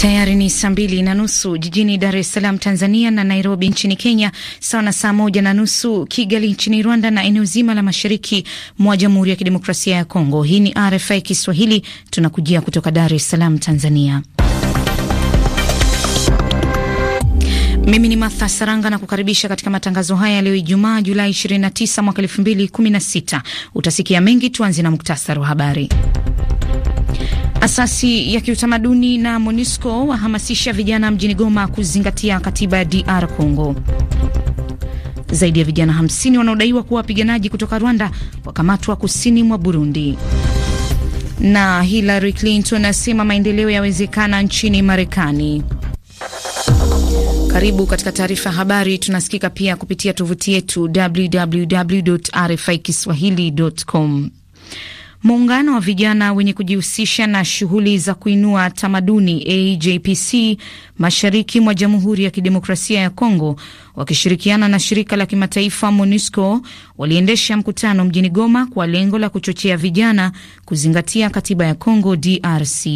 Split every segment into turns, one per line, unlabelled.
Tayari ni saa mbili na nusu jijini Dar es Salaam, Tanzania, na Nairobi nchini Kenya, sawa na saa moja na nusu Kigali nchini Rwanda na eneo zima la mashariki mwa Jamhuri ya Kidemokrasia ya Kongo. Hii ni RFI Kiswahili, tunakujia kutoka Dar es Salaam, Tanzania. Mimi ni Martha Saranga na kukaribisha katika matangazo haya leo Ijumaa, Julai 29 mwaka 2016. Utasikia mengi, tuanze na muktasari wa habari. Asasi ya kiutamaduni na MONUSCO wahamasisha vijana mjini Goma kuzingatia katiba ya DR Congo. Zaidi ya vijana 50 wanaodaiwa kuwa wapiganaji kutoka Rwanda wakamatwa kusini mwa Burundi. Na Hillary Clinton asema maendeleo yawezekana nchini Marekani. Karibu katika taarifa ya habari. Tunasikika pia kupitia tovuti yetu www.rfikiswahili.com. Muungano wa vijana wenye kujihusisha na shughuli za kuinua tamaduni AJPC mashariki mwa Jamhuri ya Kidemokrasia ya Kongo wakishirikiana na shirika la kimataifa MONUSCO waliendesha mkutano mjini Goma kwa lengo la kuchochea vijana kuzingatia katiba ya Kongo DRC.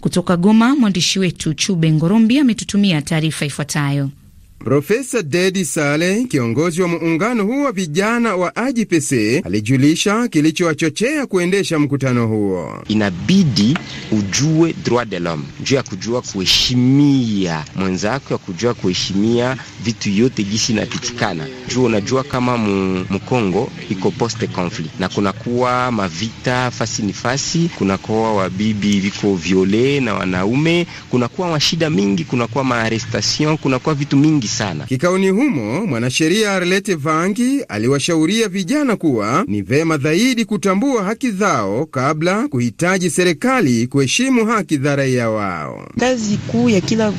Kutoka Goma, mwandishi wetu Chube Ngorombi ametutumia taarifa ifuatayo.
Profesa Dedi Sale, kiongozi wa muungano huo wa vijana wa AJPC, alijulisha kilichowachochea kuendesha mkutano huo. Inabidi ujue droit de l'homme, juu ya kujua kuheshimia mwenzako, ya kujua kuheshimia vitu
yote jisi inapitikana. Juu unajua kama Mkongo iko post conflict na kunakuwa mavita fasi ni fasi, kunakuwa wabibi viko viole na wanaume, kunakuwa mashida mingi, kunakuwa maarestation, kunakuwa vitu mingi sana.
Kikaoni humo mwanasheria Arlete Vangi aliwashauria vijana kuwa ni vema zaidi kutambua haki zao kabla kuhitaji serikali kuheshimu haki za raia wao.
Kazi kuu ya kila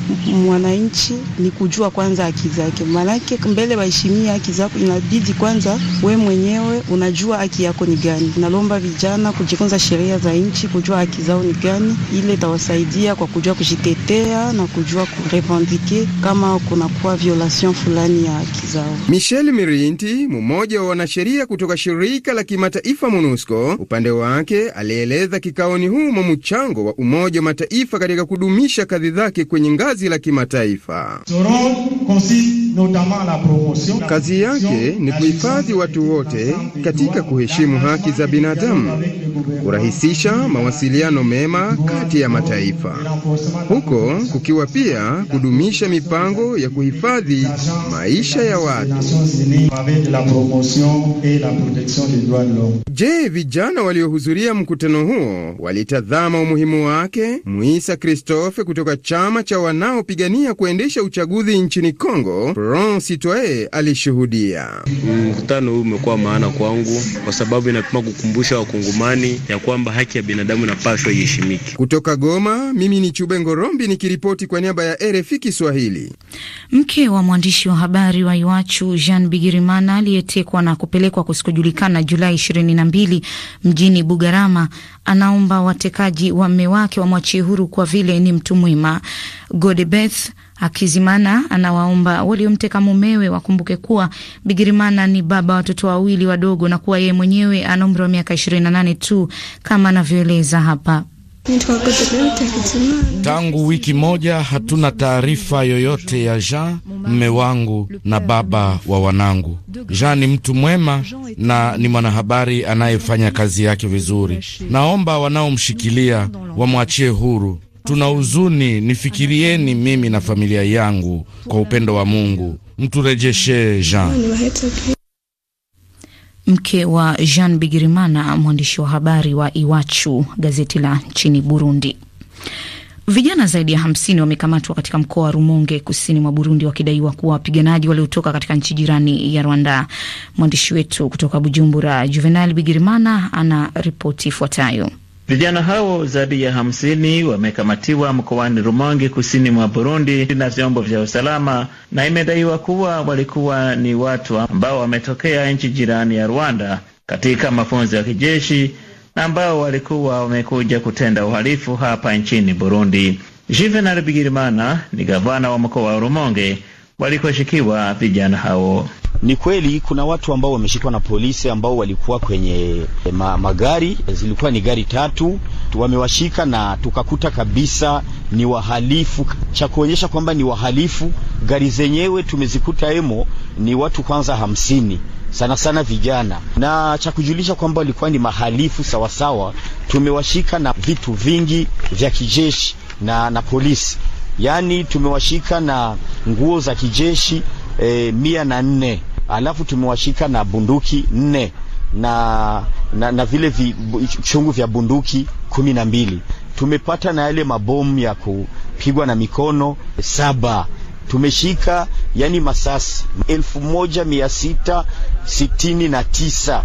mwananchi ni kujua kwanza haki zake,
maanake mbele waheshimia haki zako, inabidi kwanza we mwenyewe unajua haki yako ni gani. Nalomba vijana kujifunza sheria za nchi, kujua haki zao ni gani, ile itawasaidia kwa kujua kujitetea na kujua kurevendike kama kunakuwa violation fulani
ya haki zao.
Michel Mirinti, mmoja wa wanasheria kutoka shirika la kimataifa MONUSCO, upande wake alieleza kikaoni humo mchango wa Umoja wa Mataifa katika kudumisha kadhi zake kwenye ngazi la kimataifa. Kazi yake ni kuhifadhi watu wote katika kuheshimu haki za binadamu, kurahisisha mawasiliano mema kati ya mataifa, huko kukiwa pia kudumisha mipango ya kuhifadhi kuhifadhi maisha ya watu. Je, vijana waliohudhuria mkutano huo walitazama umuhimu wake? Mwisa kristofe kutoka chama cha wanaopigania kuendesha uchaguzi nchini Kongo Front Citoyen alishuhudia
mkutano huu. Umekuwa maana kwangu kwa sababu inapima
kukumbusha wakongomani ya kwamba haki ya binadamu inapaswa iheshimike. Kutoka Goma, mimi ni Chube Ngorombi nikiripoti kwa niaba ya RFI Kiswahili.
Mke Mke wa mwandishi wa habari wa Iwachu Jean Bigirimana aliyetekwa na kupelekwa kusikojulikana Julai 22 mjini Bugarama anaomba watekaji wa mme wake wamwachie huru kwa vile ni mtu mwema. Godebeth Akizimana anawaomba waliomteka mumewe wakumbuke kuwa Bigirimana ni baba watoto wawili wadogo na kuwa yeye mwenyewe ana umri wa miaka 28 tu kama anavyoeleza hapa.
Tangu wiki moja hatuna taarifa yoyote ya Jean, mme wangu na baba wa wanangu. Jean ni mtu mwema na ni mwanahabari anayefanya kazi yake vizuri. Naomba wanaomshikilia wamwachie huru. Tuna huzuni, nifikirieni mimi na familia yangu kwa upendo wa Mungu, mturejeshe Jean
mke wa Jean Bigirimana, mwandishi wa habari wa Iwachu, gazeti la nchini Burundi. Vijana zaidi ya hamsini wamekamatwa katika mkoa wa Rumonge kusini mwa Burundi wakidaiwa kuwa wapiganaji waliotoka katika nchi jirani ya Rwanda. Mwandishi wetu kutoka Bujumbura, Juvenal Bigirimana, ana ripoti ifuatayo.
Vijana hao zaidi ya hamsini wamekamatiwa mkoani Rumonge kusini mwa Burundi na vyombo vya usalama, na imedaiwa kuwa walikuwa ni watu ambao wametokea nchi jirani ya Rwanda katika mafunzo ya kijeshi na ambao walikuwa wamekuja kutenda uhalifu hapa nchini Burundi. Juvenal Bigirimana ni gavana wa mkoa wa Rumonge walikoshikiwa vijana hao. Ni kweli kuna watu ambao wameshikwa na polisi ambao walikuwa kwenye
eh, ma, magari zilikuwa ni gari tatu, wamewashika na tukakuta kabisa ni wahalifu. Cha kuonyesha kwamba ni wahalifu, gari zenyewe tumezikuta emo ni watu kwanza hamsini sana sana vijana, na cha kujulisha kwamba walikuwa ni mahalifu sawasawa. Tumewashika na vitu vingi vya kijeshi na, na polisi, yaani tumewashika na nguo za kijeshi e, mia na nne alafu tumewashika na bunduki nne na, na, na vile vi, chungu vya bunduki kumi na mbili tumepata na yale mabomu ya kupigwa na mikono saba tumeshika yani masasi elfu moja mia sita sitini na tisa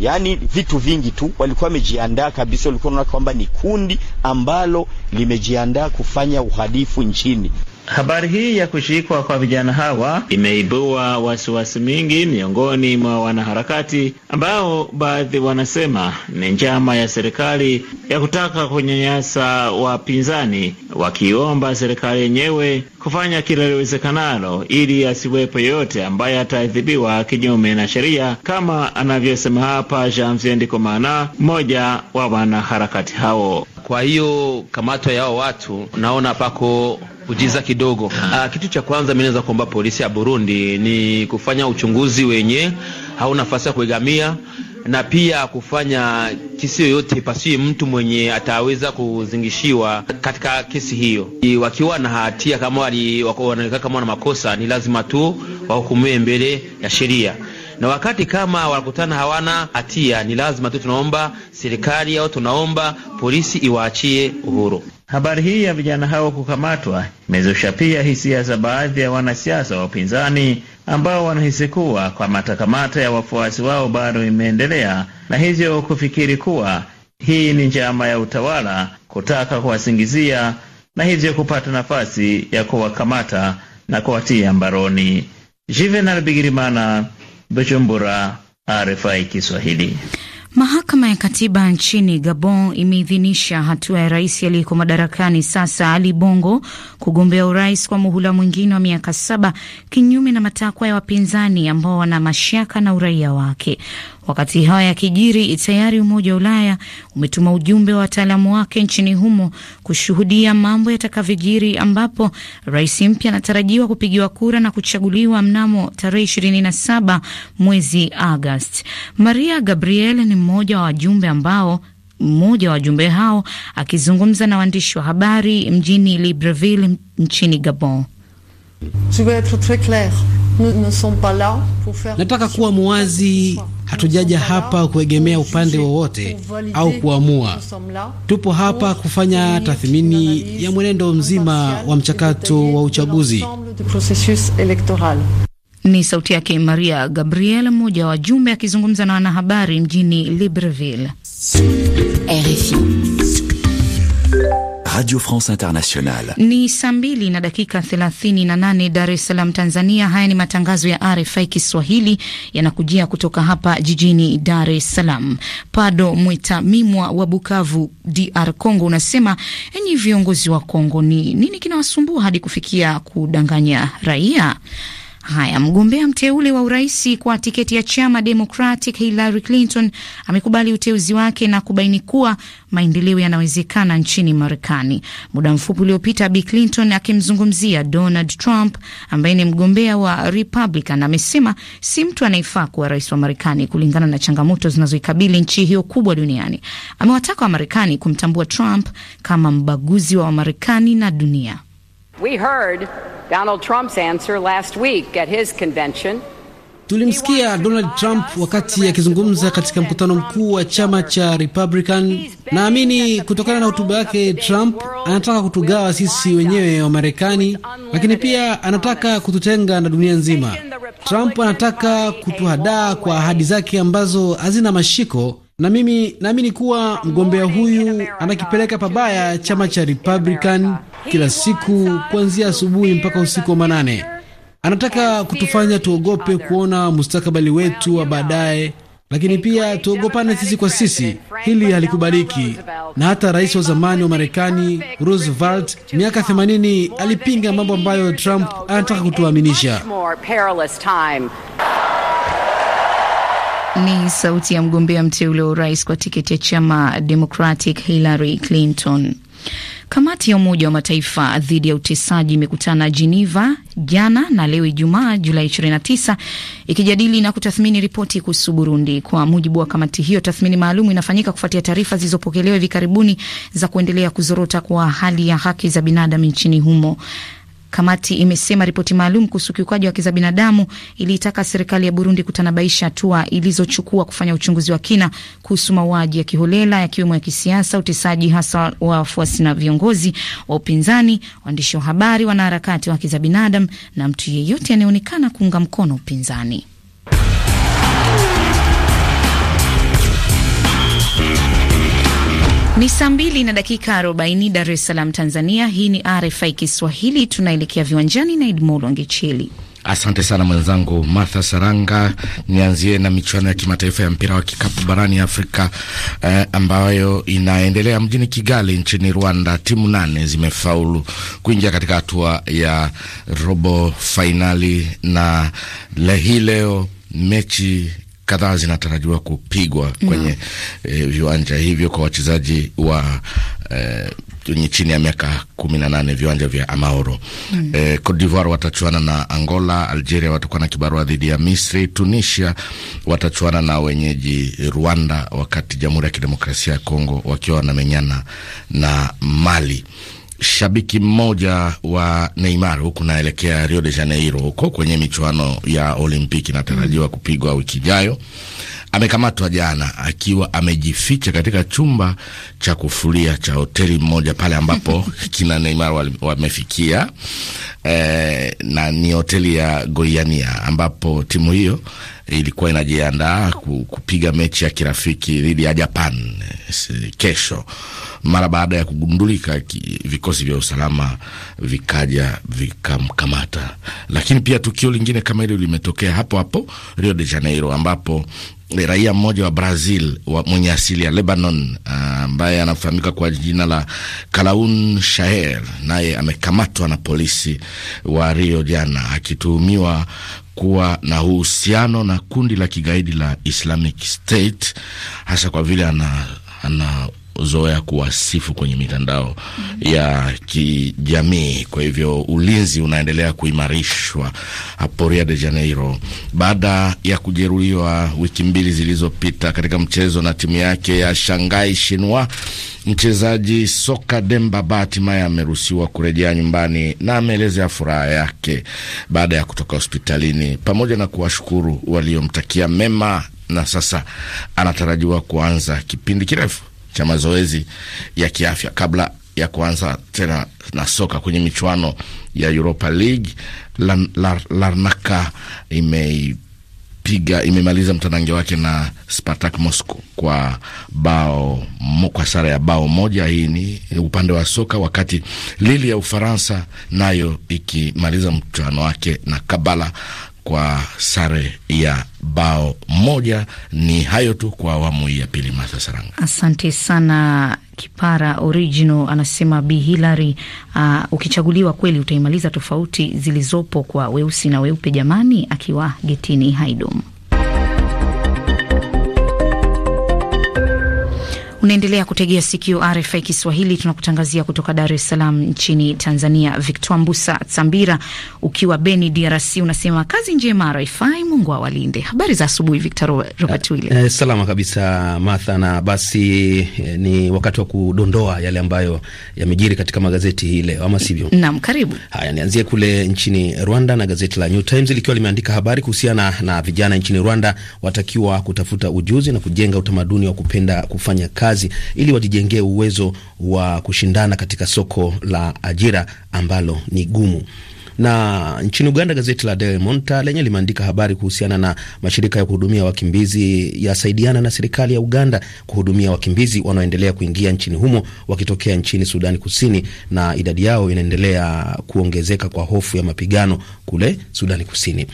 yani vitu vingi tu. Walikuwa wamejiandaa kabisa, walikuwa wanaona kwamba ni kundi ambalo limejiandaa
kufanya uhalifu nchini. Habari hii ya kushikwa kwa vijana hawa imeibua wasiwasi mingi miongoni mwa wanaharakati ambao baadhi wanasema ni njama ya serikali ya kutaka kunyanyasa wapinzani, wakiomba serikali yenyewe kufanya kila liwezekanalo ili asiwepo yoyote ambaye ataadhibiwa kinyume na sheria, kama anavyosema hapa Janvier Ndikumana, mmoja wa wanaharakati hao. Kwa hiyo
kamatwa yao watu, naona pako kujiza kidogo. Aa, ah. ah, kitu cha kwanza mimi naweza kuomba polisi ya Burundi ni kufanya uchunguzi wenye au nafasi ya kuigamia na pia kufanya kesi yoyote pasii mtu mwenye ataweza kuzingishiwa katika kesi hiyo. Wakiwa na hatia kama wanaonekana kama wana makosa, ni lazima tu wahukumiwe mbele ya sheria na wakati kama wanakutana hawana hatia, ni lazima tu tunaomba
serikali
au tunaomba polisi iwaachie uhuru.
Habari hii ya vijana hao kukamatwa imezusha pia hisia za baadhi ya wanasiasa wa upinzani ambao wanahisi kuwa kwa matakamata ya wafuasi wao bado imeendelea na hivyo kufikiri kuwa hii ni njama ya utawala kutaka kuwasingizia na hivyo kupata nafasi ya kuwakamata na kuwatia mbaroni. Juvenal Bigirimana, Bujumbura, RFI Kiswahili.
Mahakama ya Katiba nchini Gabon imeidhinisha hatua ya rais aliyeko madarakani sasa Ali Bongo kugombea urais kwa muhula mwingine wa miaka saba, kinyume na matakwa ya wapinzani ambao wana mashaka na uraia wake. Wakati haya yakijiri, tayari Umoja wa Ulaya umetuma ujumbe wa wataalamu wake nchini humo kushuhudia mambo yatakavyojiri, ambapo rais mpya anatarajiwa kupigiwa kura na kuchaguliwa mnamo tarehe 27 mwezi Agosti. Maria Gabriel ni mmoja wa wajumbe ambao mmoja wa wajumbe hao akizungumza na waandishi wa habari mjini Libreville nchini Gabon.
Nataka kuwa muwazi Hatujaja hapa kuegemea upande wowote au kuamua. Tupo hapa kufanya tathmini ya mwenendo mzima wa mchakato wa uchaguzi.
Ni sauti yake Maria Gabriel, mmoja wa jumbe akizungumza na wanahabari mjini Libreville, RFI. Radio France Internationale. Ni saa mbili na dakika 38 Dar es Salaam, Tanzania. Haya ni matangazo ya RFI Kiswahili yanakujia kutoka hapa jijini Dar es Salaam. Pado Mwita Mimwa wa Bukavu, DR Congo, unasema enyi viongozi wa congo ni nini kinawasumbua hadi kufikia kudanganya raia? Haya, mgombea mteule wa urais kwa tiketi ya chama Democratic Hillary Clinton amekubali uteuzi wake na kubaini kuwa maendeleo yanawezekana nchini Marekani. Muda mfupi uliopita, Bi Clinton akimzungumzia Donald Trump ambaye ni mgombea wa Republican amesema si mtu anayefaa kuwa rais wa Marekani kulingana na changamoto zinazoikabili nchi hiyo kubwa duniani. Amewataka Wamarekani kumtambua Trump kama mbaguzi wa Wamarekani na dunia. We heard Donald Trump's answer last week at his convention.
Tulimsikia Donald Trump wakati akizungumza katika mkutano mkuu wa chama cha Republican. Naamini kutokana na hotuba yake, Trump anataka kutugawa sisi wenyewe wa Marekani, lakini pia anataka kututenga na dunia nzima. Trump anataka kutuhadaa kwa ahadi zake ambazo hazina mashiko na mimi naamini kuwa mgombea huyu anakipeleka pabaya chama cha Republican. Kila siku kuanzia asubuhi mpaka usiku wa manane, anataka kutufanya tuogope kuona mustakabali wetu wa baadaye, lakini pia tuogopane sisi kwa sisi. Hili halikubaliki, na hata rais wa zamani wa Marekani Roosevelt miaka 80 alipinga mambo ambayo Trump anataka kutuaminisha.
Ni sauti ya mgombea mteule wa urais kwa tiketi ya chama Democratic Hillary Clinton. Kamati ya Umoja wa Mataifa dhidi ya utesaji imekutana Geneva jana na leo Ijumaa Julai 29 ikijadili na kutathmini ripoti kuhusu Burundi. Kwa mujibu wa kamati hiyo, tathmini maalum inafanyika kufuatia taarifa zilizopokelewa hivi karibuni za kuendelea kuzorota kwa hali ya haki za binadamu nchini humo. Kamati imesema ripoti maalum kuhusu ukiukaji wa haki za binadamu iliitaka serikali ya Burundi kutanabaisha hatua ilizochukua kufanya uchunguzi wa kina kuhusu mauaji ya kiholela yakiwemo ya kisiasa, utesaji hasa wa wafuasi na viongozi wa upinzani, waandishi wa habari, wanaharakati wa haki za binadamu na mtu yeyote anayeonekana kuunga mkono upinzani. Ni saa mbili na dakika arobaini Dar es Salaam, Tanzania. Hii ni RFI Kiswahili, tunaelekea viwanjani na Edmond Wangicheli.
Asante sana mwenzangu Martha Saranga. Nianzie na michuano ya kimataifa ya mpira wa kikapu barani Afrika eh, ambayo inaendelea mjini Kigali nchini Rwanda. Timu nane zimefaulu kuingia katika hatua ya robo fainali, na hii leo mechi kadhaa zinatarajiwa kupigwa kwenye e, viwanja hivyo kwa wachezaji wa e, chini ya miaka kumi na nane viwanja vya Amaoro mm. E, Cote d'Ivoire watachuana na Angola, Algeria watakuwa na kibarua dhidi ya Misri, Tunisia watachuana na wenyeji Rwanda, wakati Jamhuri ya Kidemokrasia ya Kongo wakiwa wanamenyana na Mali shabiki mmoja wa Neymar huku naelekea Rio de Janeiro huko kwenye michuano ya Olimpiki inatarajiwa mm. kupigwa wiki ijayo, amekamatwa jana akiwa amejificha katika chumba cha kufulia cha hoteli mmoja pale ambapo kina Neymar wamefikia wa eh, e, na ni hoteli ya Goiania ambapo timu hiyo ilikuwa inajiandaa kupiga mechi ya kirafiki dhidi ya Japan eh, kesho mara baada ya kugundulika ki, vikosi vya usalama vikaja vikamkamata. Lakini pia tukio lingine kama hilo limetokea hapo hapo Rio de Janeiro ambapo eh, raia mmoja wa Brazil wa mwenye asili ya Lebanon ah, ambaye anafahamika kwa jina la Kalaun Shaher naye amekamatwa na polisi wa Rio jana akituhumiwa kuwa na uhusiano na kundi la kigaidi la Islamic State hasa kwa vile ana ana zoea kuwasifu kwenye mitandao ya kijamii. Kwa hivyo ulinzi unaendelea kuimarishwa hapo Rio de Janeiro baada ya kujeruhiwa wiki mbili zilizopita katika mchezo na timu yake ya Shanghai Shenhua. Mchezaji soka Demba Ba hatimaye ameruhusiwa kurejea nyumbani na ameelezea furaha yake baada ya kutoka hospitalini, pamoja na kuwashukuru waliomtakia mema, na sasa anatarajiwa kuanza kipindi kirefu cha mazoezi ya kiafya kabla ya kuanza tena na soka kwenye michuano ya Europa League. Larnaka imeipiga imemaliza mtanange wake na Spartak Moscow kwa bao kwa sare ya bao moja. Hii ni upande wa soka, wakati Lille ya Ufaransa nayo ikimaliza mchuano wake na Kabala kwa sare ya bao moja. Ni hayo tu kwa awamu hii ya pili. Masa
Saranga, asante sana. Kipara Original anasema Bi Hilary, uh, ah, ukichaguliwa kweli utaimaliza tofauti zilizopo kwa weusi na weupe jamani, akiwa getini Haidom. Unaendelea kutegea sikio RFI Kiswahili, tunakutangazia kutoka Dar es Salaam nchini Tanzania. Victor Mbusa Tsambira ukiwa Beni, DRC, unasema kazi njema RFI, Mungu awalinde. Habari za asubuhi, Victor Robert eh,
Wile. Eh, salama kabisa Martha, na basi eh, ni wakati wa kudondoa yale ambayo yamejiri katika magazeti hii leo, ama sivyo?
Naam, karibu.
Haya, nianzie kule nchini Rwanda na gazeti la New Times likiwa limeandika habari kuhusiana na vijana nchini Rwanda watakiwa kutafuta ujuzi na kujenga utamaduni wa kupenda kufanya kazi kazi ili wajijengee uwezo wa kushindana katika soko la ajira ambalo ni gumu na nchini Uganda, gazeti la Daily Monitor lenye limeandika habari kuhusiana na mashirika ya kuhudumia wakimbizi yasaidiana na serikali ya Uganda kuhudumia wakimbizi wanaoendelea kuingia nchini humo wakitokea nchini Sudani Kusini, na idadi yao inaendelea kuongezeka kwa hofu ya mapigano kule Sudani Kusini.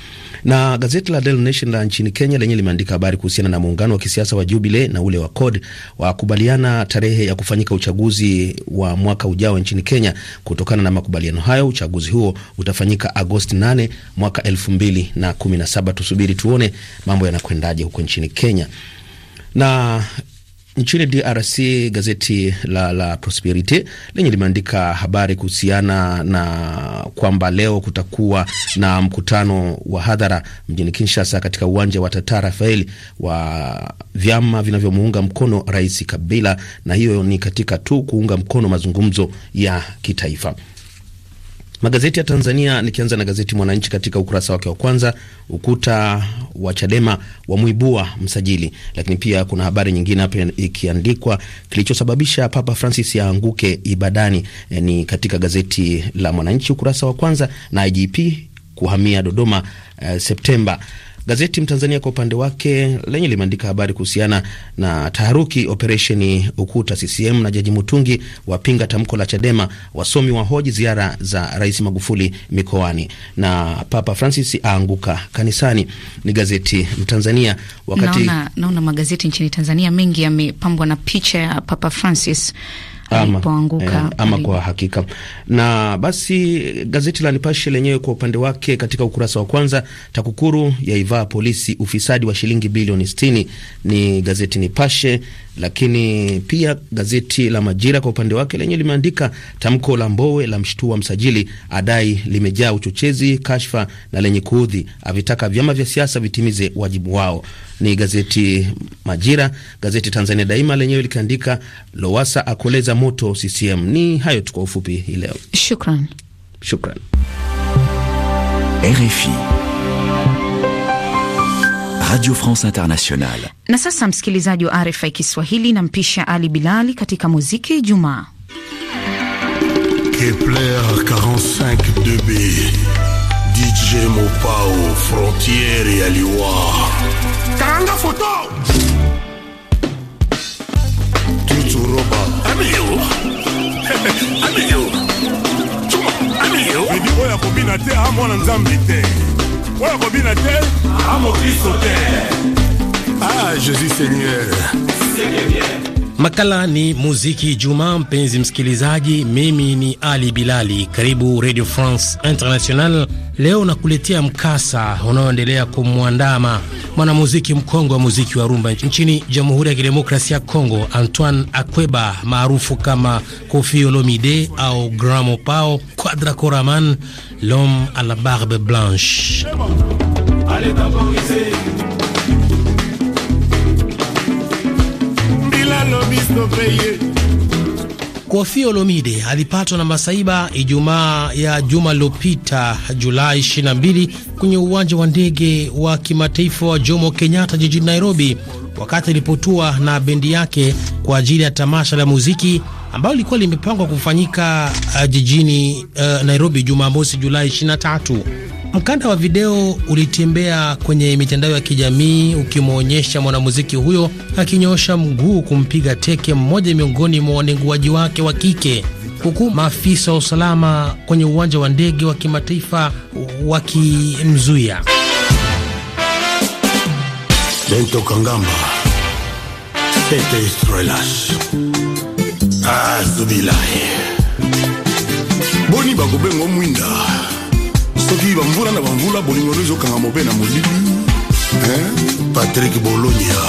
Na gazeti la Daily Nation la nchini Kenya lenye limeandika habari kuhusiana na muungano wa kisiasa wa Jubile na ule wa CORD wakubaliana tarehe ya kufanyika uchaguzi wa mwaka ujao nchini Kenya. Kutokana na makubaliano hayo, uchaguzi huo utafanyika Agosti 8 mwaka 2017. Tusubiri tuone mambo yanakwendaje huko nchini Kenya na Nchini DRC gazeti la la Prosperite lenye limeandika habari kuhusiana na kwamba leo kutakuwa na mkutano wa hadhara mjini Kinshasa katika uwanja wa Tata Rafael wa vyama vinavyomuunga mkono Rais Kabila, na hiyo ni katika tu kuunga mkono mazungumzo ya kitaifa. Magazeti ya Tanzania, nikianza na gazeti Mwananchi, katika ukurasa wake wa kwanza, ukuta wa Chadema wamwibua msajili, lakini pia kuna habari nyingine hapa ikiandikwa kilichosababisha Papa Francis aanguke ibadani. E, ni katika gazeti la Mwananchi ukurasa wa kwanza, na IGP kuhamia Dodoma e, Septemba. Gazeti Mtanzania kwa upande wake lenye limeandika habari kuhusiana na taharuki operesheni Ukuta, CCM na Jaji Mutungi wapinga tamko la Chadema, wasomi wa hoji ziara za Rais Magufuli mikoani, na Papa Francis aanguka kanisani. Ni gazeti Mtanzania. Wakati naona,
naona magazeti nchini Tanzania mengi yamepambwa na picha ya Papa Francis alipoanguka eh, ama
kwa hakika. Na basi gazeti la Nipashe lenyewe kwa upande wake, katika ukurasa wa kwanza, TAKUKURU yaivaa polisi ufisadi wa shilingi bilioni 60. Ni gazeti Nipashe lakini pia gazeti la Majira kwa upande wake lenye limeandika tamko la Mbowe la mshtua msajili, adai limejaa uchochezi, kashfa na lenye kuudhi, avitaka vyama vya siasa vitimize wajibu wao. Ni gazeti Majira. Gazeti Tanzania Daima lenyewe likiandika Lowasa akoleza moto CCM. Ni hayo tu kwa ufupi hii leo. Shukran, shukran. RFI
Radio France Internationale.
Na sasa msikilizaji wa RFI Kiswahili na mpisha Ali Bilali katika muziki Jumaa.
Kepler 45 2 DJ Mopao Frontiere ya Liwa. Karanga Tutu roba. Amiyo. Amiyo. Amiyo. oyo akobina te amokristo te ah jésus seigneur
Makala ni muziki Juma. Mpenzi msikilizaji, mimi ni Ali Bilali, karibu Radio France International. Leo nakuletea mkasa unaoendelea kumwandama mwanamuziki mkongwe wa muziki wa rumba nchini Jamhuri ya Kidemokrasia ya Kongo, Antoine Akweba maarufu kama Koffi Olomide au Gramo Pao Quadra Koraman, l'homme a la barbe blanche. Allez, Kofi Olomide alipatwa na masaiba Ijumaa ya juma lilopita Julai 22 kwenye uwanja wa ndege wa kimataifa wa Jomo Kenyatta jijini Nairobi, wakati alipotua na bendi yake kwa ajili ya tamasha la muziki ambalo lilikuwa limepangwa kufanyika eh, jijini uh, Nairobi Jumamosi Julai 23. Mkanda wa video ulitembea kwenye mitandao ya kijamii ukimwonyesha mwanamuziki huyo akinyosha mguu kumpiga teke mmoja miongoni mwa wanenguaji wake wa kike, huku maafisa wa usalama kwenye uwanja wa ndege wa kimataifa wakimzuia. Lento kangamba tete
soki bamvula na bamvula bolingo nde ezokanga mobe na molili patrik bolonia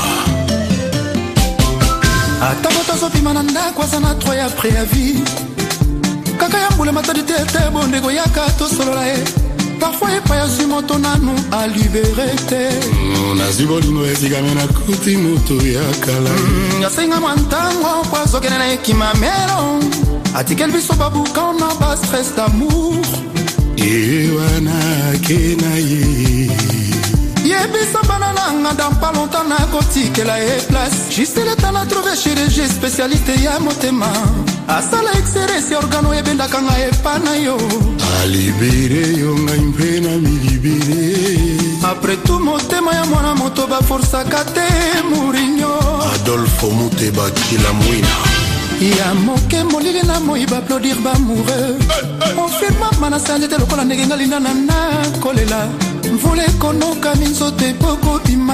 ata moto azobima na ndako aza na troi ya préavi kaka ya mbula matadi te ete bondeko yaka tosolola ye parfois epai azwi moto nanu alibere te mm, nazwi bolingo etikami na kuti moto ya kala mm, asenga mwa ntango po azokende na ekima melo atikeli biso babukan na bastres damour ye wana ke na ye yebisa bana nanga dans pas longtemps nakotikela ye place justel etala trouve chirurgie spécialité ya motema asala exerese organo ebendaka ngai epa na yo alibere yo ngai mpe na milibere apres tout motema ya mwana moto baforsaka te morinyo adolfo muteba
kila mwina
ya moke molili na moi baaplodir bamoureux konfirmama nasanje te lokola ndenge ngalinda na nakolela mvula ekonoka minzoto ebokobima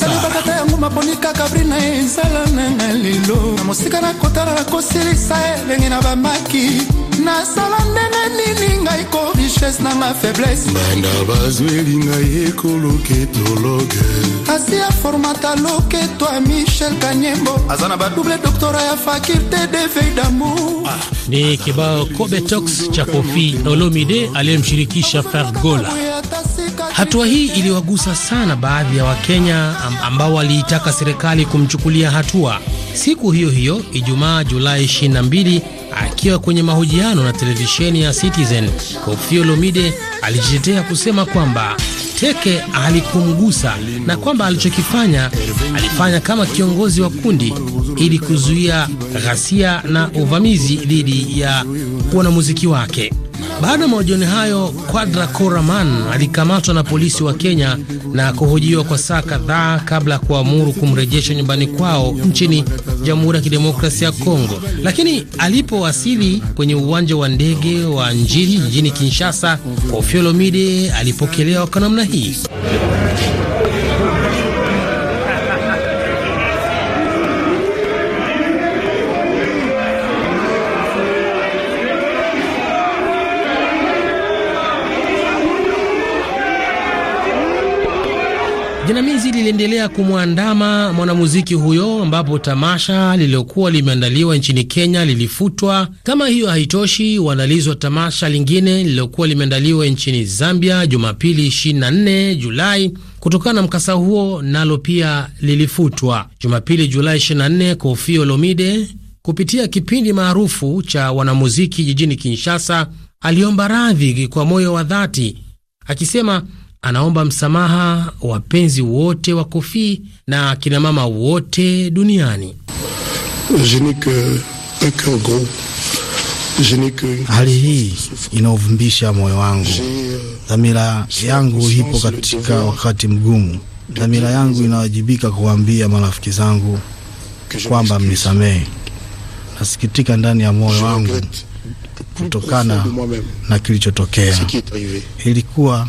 nalibaka ta yango maponi kaka bri na ezala nanga lelo na mosika nakotala nakosilisa elenge na bamaki nasala ndenge nini ngai ko richesse nanga faiblesse banda bazweli ngai ekoloketologe kasi aformata loketo a michel kanyembo aza na badouble doktora ya fakulte de veille damour ah,
ni kibao kobetox cha kofi olomide aliyemshirikisha fergola Hatua hii iliwagusa sana baadhi ya Wakenya ambao waliitaka serikali kumchukulia hatua. Siku hiyo hiyo Ijumaa Julai akiwa kwenye mahojiano na televisheni ya Citizen, Koffi Olomide alijitetea kusema kwamba Teke alikumgusa na kwamba alichokifanya alifanya kama kiongozi wa kundi ili kuzuia ghasia na uvamizi dhidi ya wanamuziki wake. Baada ya mahojiano hayo, Kwadra Koraman alikamatwa na polisi wa Kenya na kuhojiwa kwa saa kadhaa kabla ya kuamuru kumrejesha nyumbani kwao nchini Jamhuri ya Kidemokrasia ya Kongo. Lakini alipowasili kwenye uwanja wa ndege wa Njili jijini Kinshasa, Ofiolomide alipokelewa kwa namna hii. Pingamizi liliendelea kumwandama mwanamuziki huyo ambapo tamasha lililokuwa limeandaliwa nchini Kenya lilifutwa. Kama hiyo haitoshi, uandalizi wa tamasha lingine lililokuwa limeandaliwa nchini Zambia Jumapili 24 Julai kutokana na mkasa huo nalo pia lilifutwa. Jumapili Julai 24, Koffi Olomide kupitia kipindi maarufu cha wanamuziki jijini Kinshasa aliomba radhi kwa moyo wa dhati akisema anaomba msamaha wapenzi wote wa Kofi na kinamama wote duniani.
Hali hii
inaovumbisha moyo wangu. Euh, Dhamira yangu ipo katika wakati mgumu. Dhamira yangu inawajibika kuwaambia marafiki zangu kwamba mnisamehe. Nasikitika ndani ya moyo wangu kutokana na kilichotokea. Ilikuwa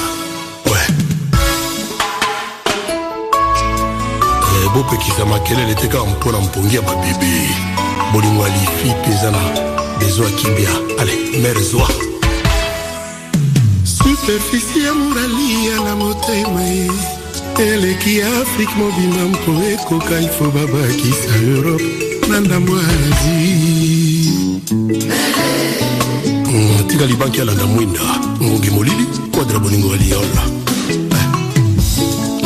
bopekisa makelele te kaka mpona mpongi ya babebe bolingo ya lifi mpe eza na bezo ya kimbia ale mere zwa superfici ya moralia na motema ye eleki afrike mobimba mpo ekoka ifo babakisa europe na ndambo ya asie mm, tika libanki alanda mwinda ngongi molili quadre bolingo ya liola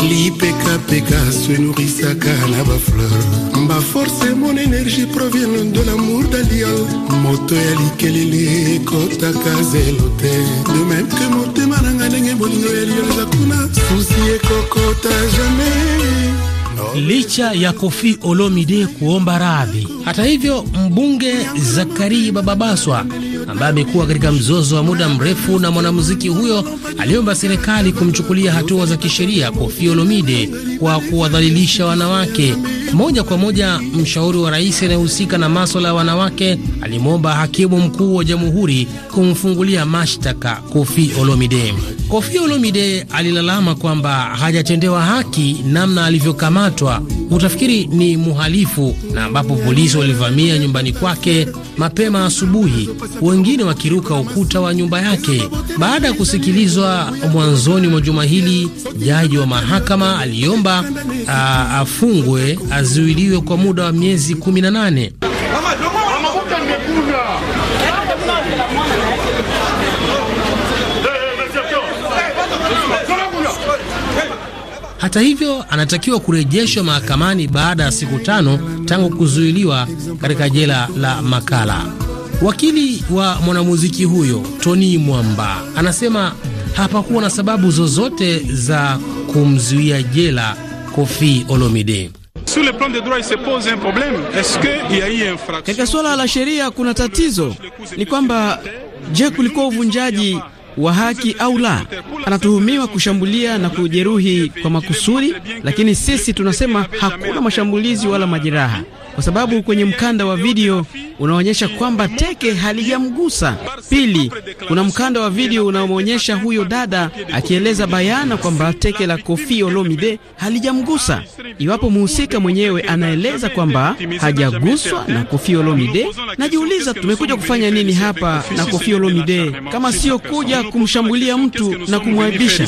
lipekapeka so enorisaka na bafleur baforce mon énergie proviennent de l'amour d'alial moto ya likelele ekotaka zelo te de même que motema na nga ndenge bolingo ya lial eza kuna susi ekokota jamais
licha ya Kofi Olomide kuomba radhi. Hata hivyo, mbunge Zakaria Bababaswa ambaye amekuwa katika mzozo wa muda mrefu na mwanamuziki huyo aliomba serikali kumchukulia hatua za kisheria Koffi Olomide kwa kuwadhalilisha wanawake. Moja kwa moja, mshauri wa rais anayehusika na, maswala ya wanawake alimwomba hakimu mkuu wa jamhuri kumfungulia mashtaka Koffi Olomide. Koffi Olomide alilalama kwamba hajatendewa haki namna alivyokamatwa utafikiri ni muhalifu, na ambapo polisi walivamia nyumbani kwake mapema asubuhi, wengine wakiruka ukuta wa nyumba yake. Baada ya kusikilizwa mwanzoni mwa juma hili, jaji wa mahakama aliomba a, afungwe, azuiliwe kwa muda wa miezi 18. Hata hivyo, anatakiwa kurejeshwa mahakamani baada ya siku tano tangu kuzuiliwa katika jela la Makala. Wakili wa mwanamuziki huyo Tony Mwamba anasema hapakuwa na sababu zozote za kumzuia jela Kofi Olomide.
Katika
suala la sheria kuna tatizo, ni kwamba je, kulikuwa uvunjaji wa haki au la. Anatuhumiwa kushambulia na kujeruhi kwa makusudi, lakini sisi tunasema hakuna mashambulizi wala majeraha kwa sababu kwenye mkanda wa video unaonyesha kwamba teke halijamgusa. Pili, kuna mkanda wa video unaomwonyesha huyo dada akieleza bayana kwamba teke la Koffi Olomide halijamgusa. Iwapo mhusika mwenyewe anaeleza kwamba hajaguswa na Koffi Olomide, najiuliza tumekuja kufanya nini hapa na Koffi Olomide kama sio kuja
kumshambulia mtu na kumwaibisha.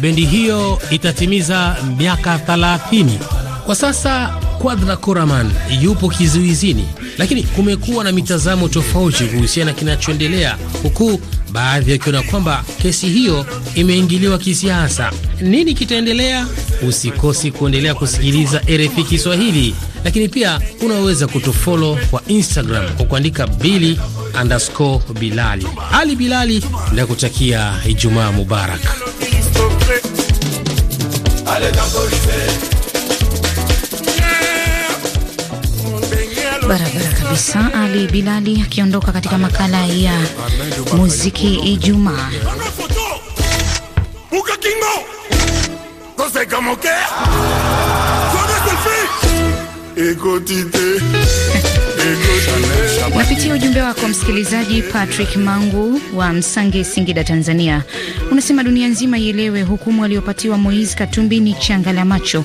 bendi hiyo itatimiza miaka 30. Kwa sasa Quadra Koraman yupo kizuizini, lakini kumekuwa na mitazamo tofauti kuhusiana na kinachoendelea, huku baadhi wakiona kwamba kesi hiyo imeingiliwa kisiasa. Nini kitaendelea? Usikosi kuendelea kusikiliza RFI Kiswahili, lakini pia unaweza kutufolo kwa Instagram kwa kuandika bili underscore bilali ali bilali. Nakutakia Ijumaa mubaraka
barabara kabisa. Ali Bilali akiondoka katika makala ya muziki Ijumaa. Napitia ujumbe wako msikilizaji Patrick Mangu wa Msange, Singida, Tanzania unasema dunia nzima ielewe hukumu aliyopatiwa Mois Katumbi ni changa la macho.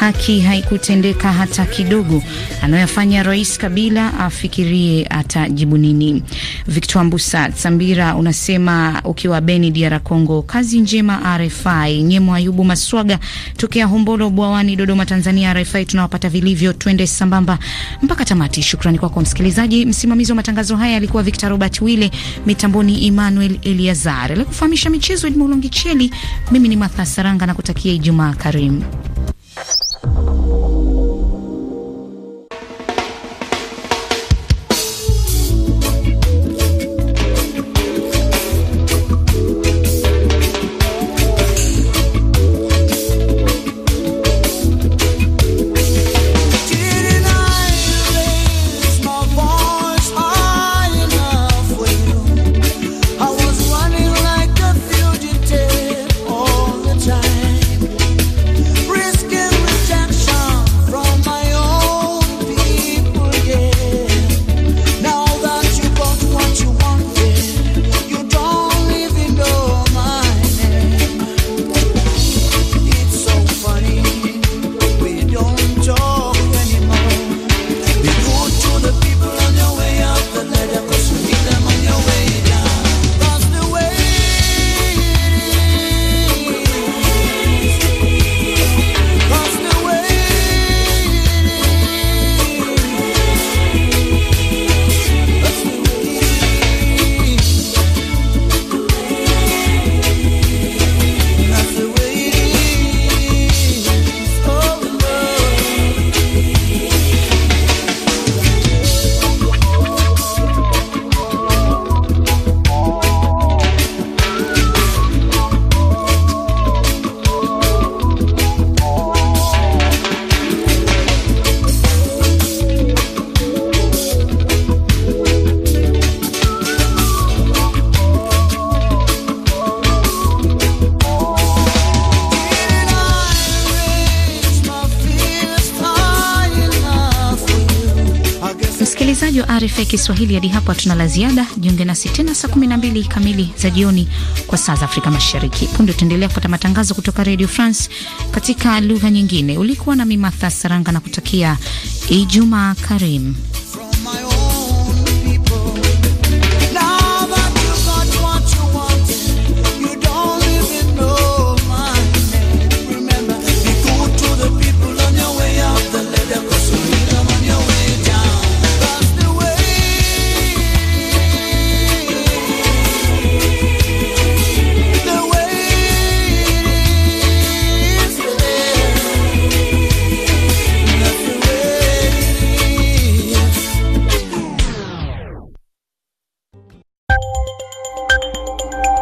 Haki haikutendeka hata kidogo. Anayoyafanya Rais Kabila afikirie atajibu nini. Victor Mbusa Sambira unasema ukiwa Beni, DR Congo, kazi njema RFI. Nyemo Ayubu Maswaga tokea Hombolo Bwawani, Dodoma, Tanzania, RFI tunawapata vilivyo, twende sambamba mpaka tamati. Shukrani kwako kwa msikilizaji. Msimamizi wa matangazo haya alikuwa Victor Robert Wile, mitamboni Emmanuel Eliazar. Kufahamisha michezo Wilfred Mulungicheli. Mimi ni Martha Saranga na kutakia Ijumaa karimu. msikilizaji wa RFI Kiswahili, hadi hapo hatuna la ziada. Jiunge nasi tena saa 12 kamili za jioni kwa saa za Afrika Mashariki. Punde utaendelea kupata matangazo kutoka Radio France katika lugha nyingine. Ulikuwa na Mimatha Saranga na kutakia Ijumaa karimu.